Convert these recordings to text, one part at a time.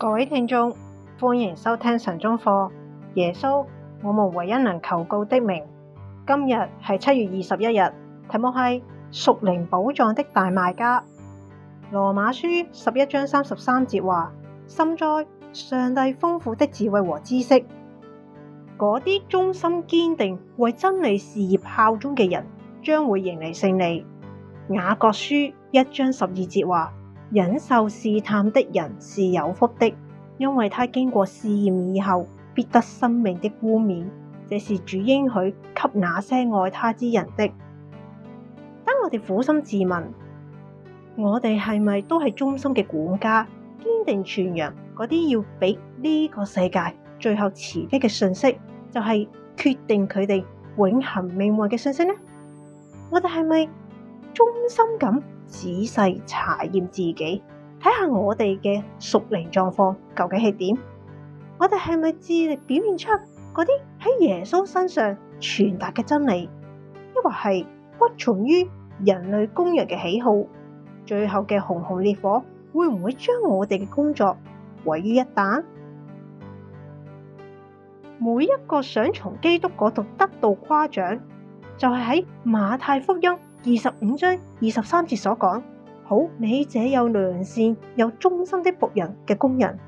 各位聽眾，歡迎收聽晨鐘課。耶穌，我們唯一能求告的名。今日係七月二十一日，題目係屬靈寶藏的大賣家。羅馬書十一章三十三節話：深哉上帝豐富的智慧和知識。嗰啲忠心堅定為真理事業效忠嘅人，將會迎嚟勝利。雅各書一章十二節話。忍受試探的人是有福的，因為他經過試驗以後，必得生命的冠冕。這是主應許給那些愛他之人的。當我哋苦心自問，我哋係咪都係忠心嘅管家，堅定傳揚嗰啲要畀呢個世界最後慈悲嘅信息，就係、是、決定佢哋永恒命運嘅信息呢？我哋係咪？衷心咁仔細查驗自己，睇下我哋嘅屬靈狀況究竟係點？我哋係咪致力表現出嗰啲喺耶穌身上傳達嘅真理，抑或係屈從於人類工人嘅喜好？最後嘅熊熊烈火會唔會將我哋嘅工作毀於一旦？每一個想從基督嗰度得到誇獎，就係、是、喺馬太福音。二十五章二十三節所講，好，你這有良善、有忠心的僕人嘅工人，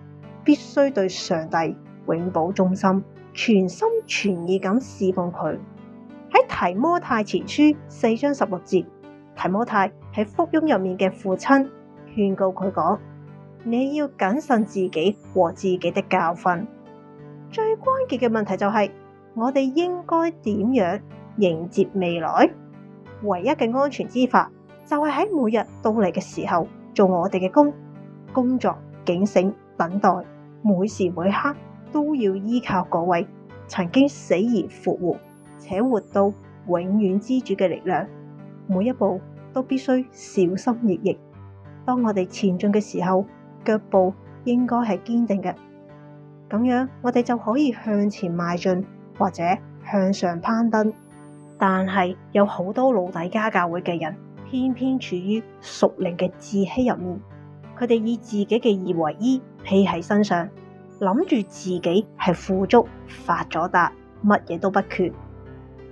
必須對上帝永保忠心，全心全意咁侍奉佢。喺提摩太前書四章十六節，提摩太喺福音入面嘅父親，勸告佢講：你要謹慎自己和自己的教訓。最關鍵嘅問題就係、是，我哋應該點樣迎接未來？唯一嘅安全之法，就係喺每日到嚟嘅時候做我哋嘅工，工作，警醒，等待，每時每刻都要依靠嗰位曾經死而復活且活到永遠之主嘅力量，每一步都必須小心翼翼。當我哋前進嘅時候，腳步應該係堅定嘅，咁樣我哋就可以向前邁進或者向上攀登。但係有好多老底嘉教會嘅人，偏偏處於屬靈嘅自欺入面，佢哋以自己嘅義為義披喺身上，諗住自己係富足發咗達，乜嘢都不缺。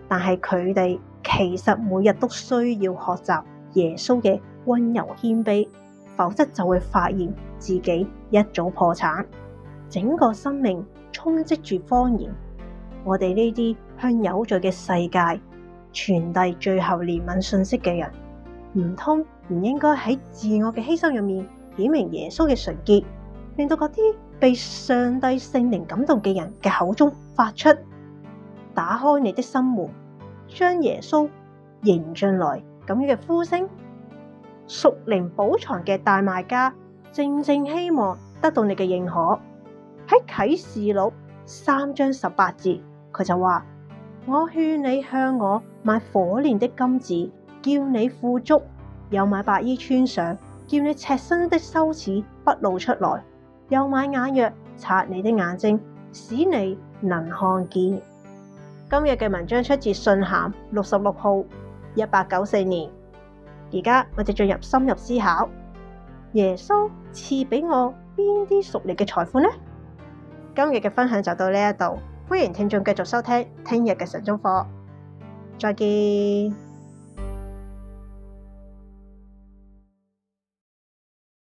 但係佢哋其實每日都需要學習耶穌嘅温柔謙卑，否則就會發現自己一早破產，整個生命充斥住謊言。我哋呢啲向有罪嘅世界，傳遞最後憐憫信息嘅人，唔通唔應該喺自我嘅犧牲入面顯明耶穌嘅純潔，令到嗰啲被上帝聖靈感動嘅人嘅口中發出打開你的心門，將耶穌迎進來咁樣嘅呼聲。屬靈寶藏嘅大賣家正正希望得到你嘅認可。喺啟示錄三章十八節，佢就話。我勸你向我買火煉的金子，叫你富足；又買白衣穿上，叫你赤身的羞恥不露出來；又買眼藥擦你的眼睛，使你能看見。今日嘅文章出自信《信函》六十六號，一八九四年。而家我就進入深入思考：耶穌賜畀我邊啲屬靈嘅財富呢？今日嘅分享就到呢一度。歡迎聽眾繼續收聽聽日嘅晨鐘課，再見。